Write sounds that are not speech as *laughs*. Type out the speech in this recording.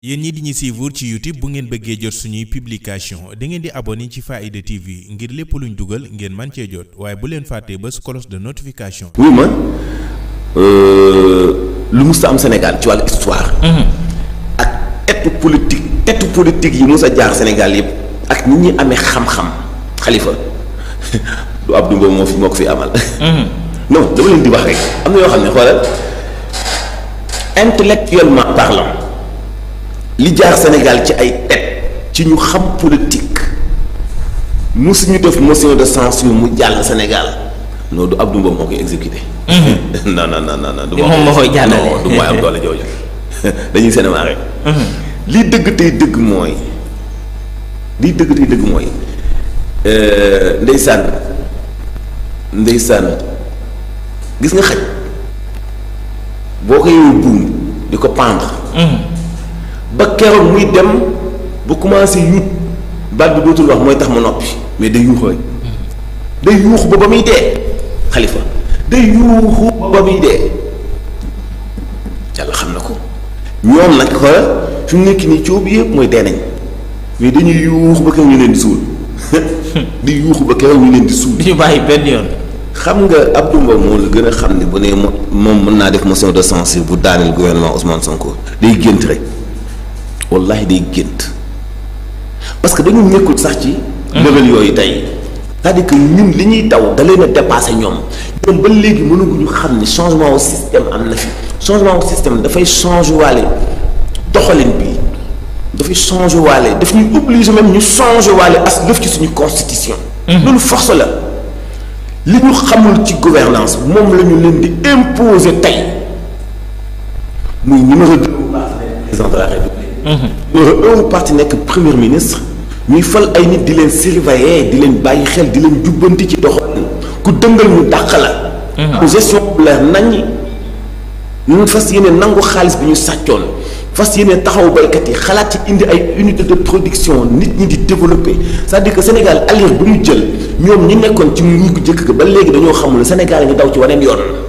yéen ñi di ñu suivre ci youtube bu ngeen bëggee jot suñuy publication da ngeen di abonné ci Faaida TV ngir lépp luñ dugal ngeen man cee jot waaye bu leen fàttee ba cloche de notification. wuy ma euh, lu mus a am Sénégal ci wàllu histoire. Mhm. ak etu politique etu politique yi mus jaar Sénégal yëpp ak nit ñi amee xam-xam xalifa lu *laughs* Abdou Mbow moo fi moo ko fi amal. Mhm. *laughs* non dama leen di rek am na yoo xam ne xoolal intellectuellement parlant. li jaar Sénégal ci ay tête ci ñu xam politique mosuñu def motion de censure mu jàll Sénégal non du Abdou Mbow moo koy exécuté. Mm-hmm. *laughs* non non non mooy am doole *laughs* dañuy cinéma mm-hmm. li dëgg tey dëgg mooy li dëgg tey dëgg mooy euh, ndeysaan ndeysaan gis nga xaj boo ko yooyu buum di ko pendre. Mm-hmm. ba keroog muy dem ba commencé yuut baat bi dootul wax mooy tax ma noppi mais day yuuxu rek day ba ba muy dee xalifa day yuuxu ba muy dee yàlla xam na ko ñoom nag xoolal fi mu nekk nii coow bi yëpp mooy dee nañ mais dañuy yuuxu ba keroog ñu leen di suul *laughs* di yuuxu ba keroog ñu leen di suul. *laughs* di ñu bàyyi benn yoon. xam nga Abdou Mbow moo la gën a xam ne bu ne moom mën naa def motion de censure bu daaneel gouvernement Ousmane Sonko day gént rek. wallahi day gént parce que dañu nekkul sax ci. modèle yooyu tey. c'est-à-dire que ñun li ñuy daw da leen a ñoom ñoom ba léegi mënaguñu xam ni changement au système am na fi changement au système dafay changé waale doxalin bi dafay changé waale daf ñuy obligé même ñu changé waale as lëf ci suñu constitution. Mhm. loolu force la li ñu xamul ci gouvernance moom lañu ñu leen di imposer tey muy numéro deux bu baax président de la république. war euh, a un parti nekk premier ministre ñuy fal ay nit di leen surveiller di leen bàyyi xel di leen jubbanti ci doxalin ku dëngal ñu dàq la mhm. ku gestion bu leer nañ ñun fas yéene nangu xaalis bi ñu sàccoon fas yéene taxaw baykat yi xalaat ci indi ay unité de production nit ñi di développer c'est-à-dire que Sénégal alir bu ñu jël ñoom ñi nekkoon ci ñu jëkk ba léegi dañoo xamul Sénégal ngi daw ci waneen yoon